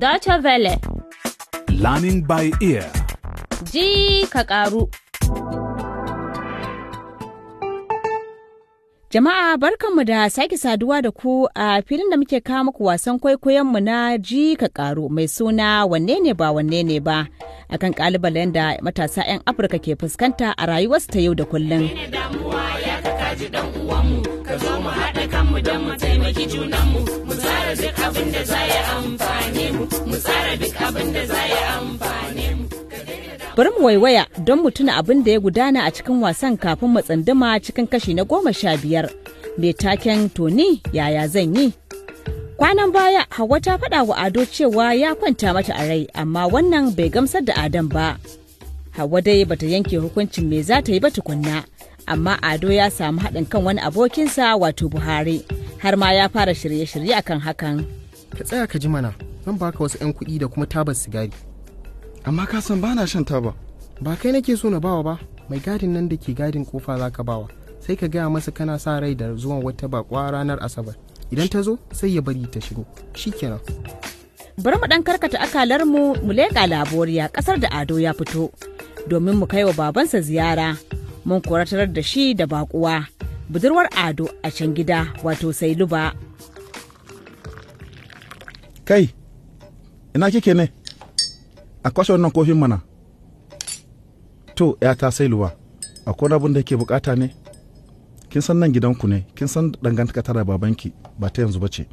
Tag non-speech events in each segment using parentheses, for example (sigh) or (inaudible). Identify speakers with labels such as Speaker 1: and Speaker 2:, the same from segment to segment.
Speaker 1: Deutsche Welle.
Speaker 2: Learning by ear.
Speaker 1: Ji ka karu. Jama'a barkanmu da sake saduwa da ku a filin da muke kawo muku wasan kwaikwayonmu na ji ka karu mai suna wanne ne ba wanne ne ba akan ƙalubalen da matasa 'yan Afirka ke fuskanta a rayuwarsu ta yau da kullum.
Speaker 3: ji dan uwanmu ka zo mu haɗa kanmu don mu taimaki junanmu mu tsara duk abin da za ya amfane mu mu tsara duk abin da za ya amfane mu
Speaker 1: bari mu waiwaya don mu tuna abin da ya gudana a cikin wasan kafin mu tsanduma cikin kashi na goma sha biyar mai taken toni yaya zan yi kwanan baya Hauwa ta faɗa wa ado cewa ya kwanta mata a rai amma wannan bai gamsar da adam ba Hauwa dai bata yanke hukuncin me za ta yi ba tukunna amma ado ya samu haɗin kan wani abokinsa wato buhari har ma ya fara shirye-shirye akan hakan
Speaker 4: ka tsaya ka ji mana zan baka wasu 'yan kuɗi da kuma tabar sigari amma ka san bana shan taba ba kai nake so na bawa ba mai gadin nan da ke gadin kofa za ka bawa sai ka gaya masa kana sa rai da zuwan wata bakwa ranar asabar idan ta zo sai ya bari ta shigo shi shikenan
Speaker 1: bari mu ɗan karkata akalar mu mu leƙa laboriya ƙasar da ado ya fito domin mu kai wa babansa ziyara mun kuratar da shi da bakuwa budurwar ado a can gida wato sai luba
Speaker 2: kai ina kike ne a kwashe wannan kofin mana to ta sai luba akwai abin da ke bukata ne kin san nan gidanku ne kin san dangantaka ta da babanki ba ta yanzu ba ce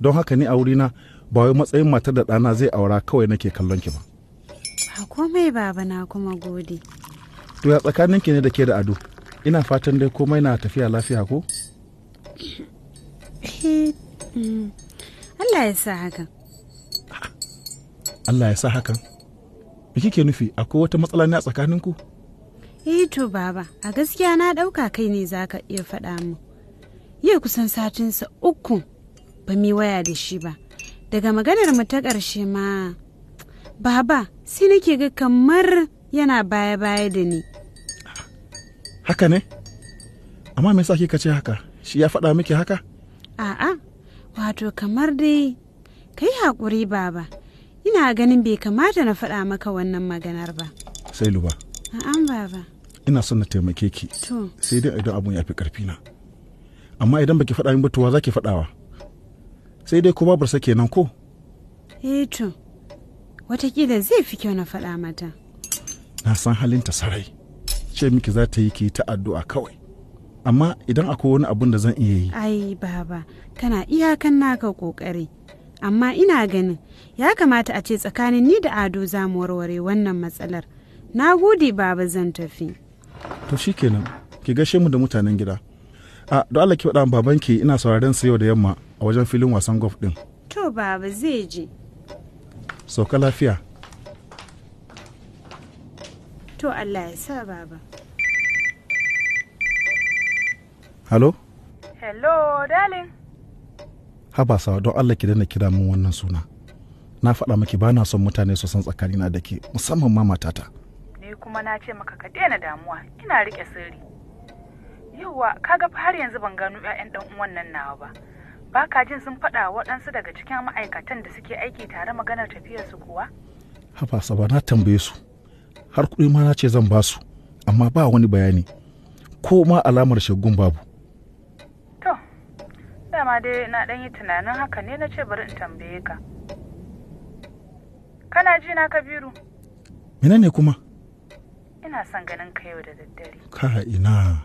Speaker 2: don haka ni a wurina ba wai matsayin matar da ɗana zai aura kawai nake kallon ki ba
Speaker 5: ba komai baba na kuma gode
Speaker 2: to ya ki ne da ke da ado ina fatan dai komai na tafiya lafiya ko
Speaker 5: eh, mm, Allah ya sa hakan
Speaker 2: Allah ya sa hakan me kike nufi akwai wata matsala ne a tsakaninku
Speaker 5: eh to baba a gaskiya na ɗauka kai ne zaka iya faɗa mu yau kusan satin sa uku ba mi waya da shi ba daga maganar mu ta ƙarshe ma baba sai nake ga kamar yana baya-baya da ni
Speaker 2: haka ne amma me yasa kika ce haka shi ya faɗa miki haka
Speaker 5: a'a wato kamar dai kai hakuri baba ina ganin bai kamata na faɗa maka wannan maganar ba sai luba a'a baba
Speaker 2: ina son na taimake ki sai dai idan abun ya fi karfi na amma idan baki faɗa min batuwa zaki faɗawa sai dai ko sake kenan ko
Speaker 5: eh to watakila zai fi kyau na faɗa mata
Speaker 2: na san halinta sarai ce miki za ta yi ki ta addu'a kawai amma idan akwai wani abun da zan iya yi
Speaker 5: ai baba kana iyakan naka kokari amma ina ganin ya kamata a ce tsakanin ni da ado za mu warware wannan matsalar na gode baba zan tafi
Speaker 2: to shikenan ki gashe mu da mutanen gida a don Allah ki faɗa ki ina sauraren sa yau da yamma a wajen filin wasan golf din
Speaker 5: to baba zai je
Speaker 2: sauka lafiya
Speaker 5: to Allah ya sa baba Hello? Hello, darling.
Speaker 2: Haba sawa don Allah ki dana kira min wannan suna. Na faɗa maki ba na son mutane su san tsakanina da ke musamman ma matata.
Speaker 3: Ni kuma na ce maka ka daina damuwa, ina rike sirri. Yawwa, ga fa har yanzu ban gano 'ya'yan ɗan uwan nan nawa ba. Ba ka jin sun faɗa waɗansu daga cikin ma'aikatan da suke aiki tare maganar tafiyarsu kuwa?
Speaker 2: Haba sawa na tambaye su. har kuɗi ma na ce zan ba su amma ba wani bayani ko ma alamar shagun babu
Speaker 3: to dama dai na ɗan yi tunanin haka ne na ce bari in tambaye ka kana ji na kabiru ina ne kuma ina son ganin ka yau da daddare
Speaker 2: ka ina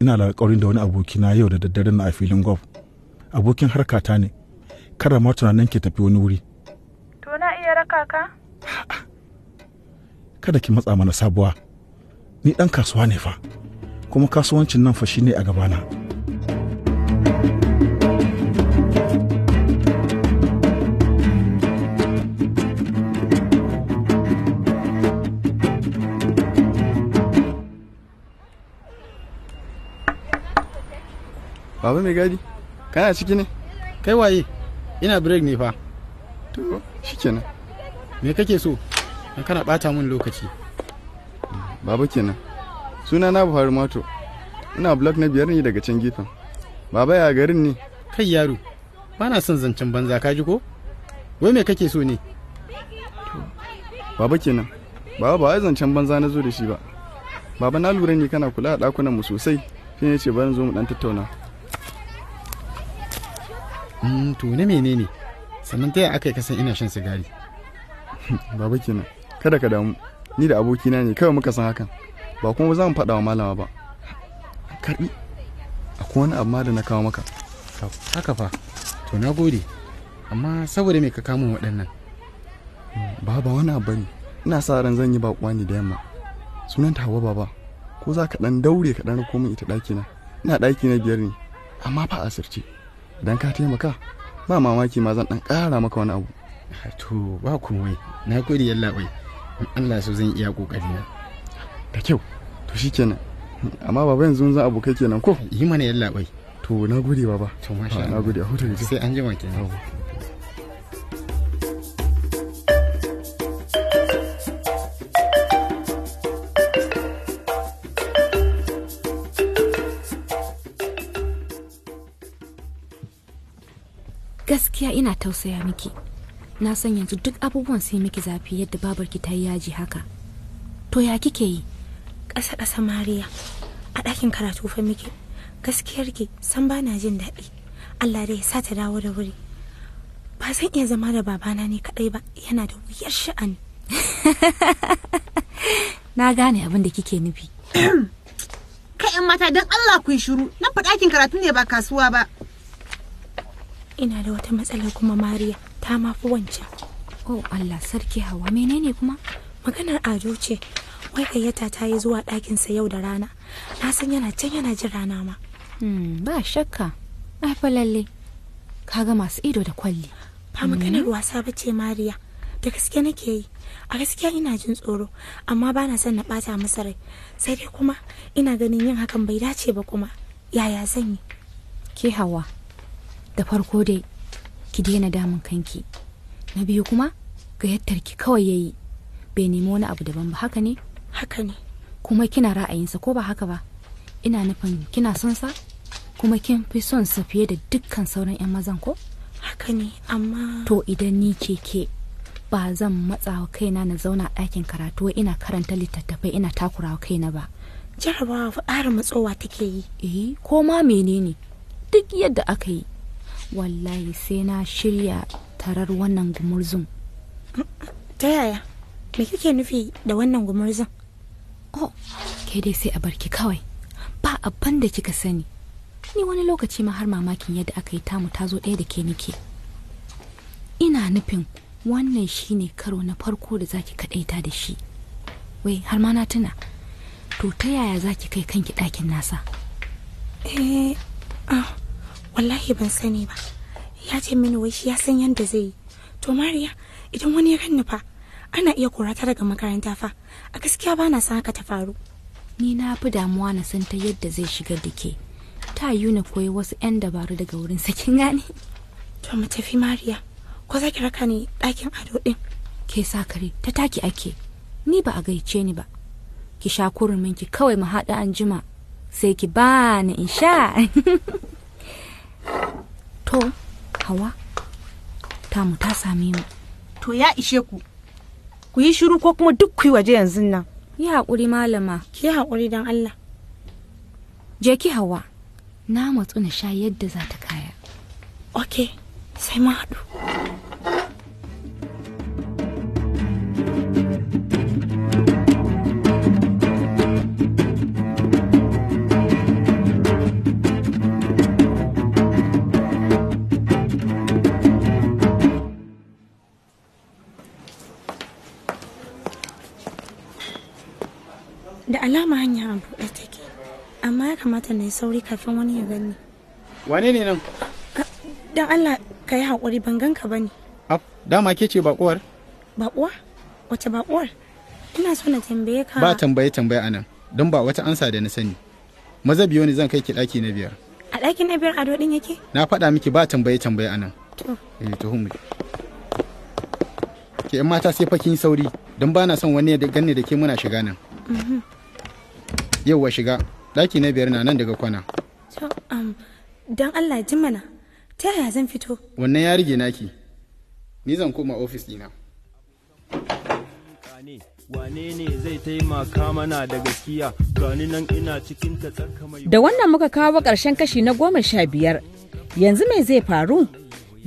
Speaker 2: ina alƙawarin da wani abokina yau da daddare na a filin golf abokin harkata ne kada ma tunanin ke tafi wani wuri
Speaker 3: to na iya raka ka
Speaker 2: kada ki matsa mana sabuwa ni ɗan kasuwa ne fa kuma kasuwancin nan fa shine a gabana
Speaker 4: Baba mai gadi, kana ciki ne? Kai waye, ina break ne fa. To, shikenan. Me kake so? don kana bata min lokaci baba kenan suna na buhari mato ina blog na biyar ne daga can gefen baba ya garin ne kai yaro ba na son zancen banza ka ji ko wai me kake so ne baba kenan baba ba wai zancen banza na zo da shi ba baba na lura ne kana kula da ɗakunan mu sosai shi ne ce bari zo mu dan tattauna mm, to na menene sannan ta yaya aka yi kasan ina shan sigari (laughs) baba kenan kada ka damu ni da abokina ne kawai muka san hakan ba kuma za mu faɗa wa malama ba karbi akwai wani abu da na kawo maka haka fa to na gode amma saboda me ka kama waɗannan ba ba wani abu ne ina sa ran zan yi baƙuwa ne da yamma sunan ta baba ko za ka ɗan daure ka ɗan ita ɗakina ina na biyar ne amma fa asirce dan ka taimaka ba mamaki ma zan ɗan ƙara maka wani abu to ba wai na gode yallaɓai. Allah su zan iya kokari na da kyau to shikenan amma baba yanzu zan abokai kenan ko yi mana yalla bai to na gode baba to masha ah, Allah na gode a huta sai an jima kenan
Speaker 3: gaskiya ina tausaya miki na san yanzu duk abubuwan sai miki zafi yadda babarki ta yi yaji haka to ya kike yi ƙasa ƙasa mariya a ɗakin karatu fa miki gaskiyarki san ba na jin daɗi allah dai ya sa ta dawo da wuri ba zan iya zama da babana ne kaɗai ba yana da wuyar sha'ani (laughs) na gane abin da kike nufi (clears throat) kai yan mata don allah ku yi shiru nan fa ɗakin karatu ne ba kasuwa ba ina da wata matsala kuma mariya ta fi wancan oh allah sarki hawa menene kuma maganar ado ce wai gayyata ta yi zuwa ɗakinsa yau da rana na san yana can yana jin rana ma hmm, ba shakka ai fa lalle ga masu ido da kwalli ba maganar hmm. wasa ba ce mariya da gaske nake yi a gaskiya ina jin tsoro amma ba na son na ɓata masa rai sai dai kuma ina ganin yin hakan bai dace ba kuma yaya zan yi ke hawa da farko dai ki daina damun kanki na biyu kuma gayyatar ki kawai yayi bai nemi wani abu daban ba haka ne haka ne kuma kina ra'ayinsa ko ba haka ba ina nufin kina son sa kuma kin fi son sa fiye da dukkan sauran 'yan mazan ko haka ne amma to idan ni ke ke ba zan matsawa kaina na zauna ɗakin karatu ina karanta littattafai ina takurawa kaina ba jarabawa fa matsowa take yi eh ko ma menene duk yadda aka yi wallahi sai na shirya tarar wannan gumurzun ta yaya me kike nufi da wannan gumurzun oh ke dai sai a barki kawai ba abin da kika sani ni wani lokaci ma har mamakin yadda aka yi tamu ta zo ɗaya da ke nike ina nufin wannan shine karo na farko da zaki kaɗaita da shi wai har ma na tuna to ta yaya zaki kai kanki ɗakin nasa eh ah wallahi ban sani ba ya ce mini wai shi ya san yadda zai yi to mariya idan wani ya ganni fa ana iya kurata daga makaranta fa a gaskiya ba na san haka ta faru ni na fi damuwa na san ta yadda zai shiga da ke ta yi na koyi wasu 'yan dabaru daga wurin sakin gane to mu tafi mariya ko za ki raka ni ɗakin ado ɗin ke sa kare ta taki ake ni ba a gaice ni ba ki sha kurumin ki kawai mu haɗa an jima sai ki ba ni in sha (laughs) To, hawa, tamu ta sami mu. To ya ishe ku, ku yi shiru ko kuma duk ku yi waje yanzu nan. Yi haƙuri malama. Ki haƙuri don Allah. Je ki hawa, na matsu na sha yadda za ta kaya. Ok, sai ma haɗu. da alama hanya a buɗe take amma ya kamata na yi sauri kafin wani ya gani wane ne nan don allah ka yi haƙuri ban ganka
Speaker 4: ba ne dama ke ce baƙuwar
Speaker 3: baƙuwa wace baƙuwar ina so na tambaye ka ba
Speaker 4: tambaye tambaye a nan don ba wata ansa da na sani maza biyo ne zan kai ki ɗaki na biyar
Speaker 3: a ɗaki na biyar ado ɗin yake
Speaker 4: na faɗa miki ba tambaye tambaye a nan to eh, ke yan mata sai fakin sauri don ba na son wani ya ganni da ke muna shiga nan mhm. yauwa shiga ɗaki na biyar na nan daga kwana
Speaker 3: um, don allah ji mana ta yaya zan fito
Speaker 4: wannan ya rige naki ni zan koma ofis dina wane ne zai taimaka mana da gaskiya gani nan ina cikin ta mai da
Speaker 1: wannan muka kawo ƙarshen kashi na goma sha biyar yanzu mai zai faru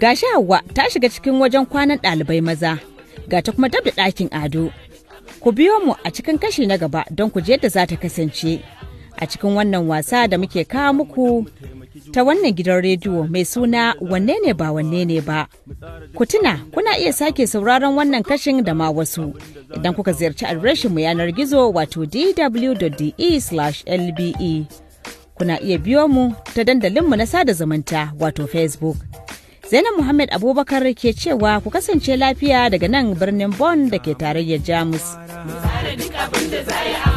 Speaker 1: gashi hawa ta shiga cikin wajen kwanan ɗalibai maza ga ta kuma tabda ɗakin ado Ku biyo mu a cikin kashi na gaba don ku je yadda za ta kasance. A cikin wannan wasa da muke kawo muku ta wannan gidan rediyo mai suna wanne ne ba wanne ne ba. Ku tuna kuna iya sake sauraron wannan kashin da ma wasu idan kuka ziyarci mu yanar gizo wato dw.de/lbe. E. Kuna iya biyo mu ta dandalinmu na sada zumunta wato Facebook. Zainab Muhammad Abubakar ke cewa ku kasance lafiya daga nan birnin Bonn da ke tarayyar Jamus. Mu
Speaker 3: duk abin da za yi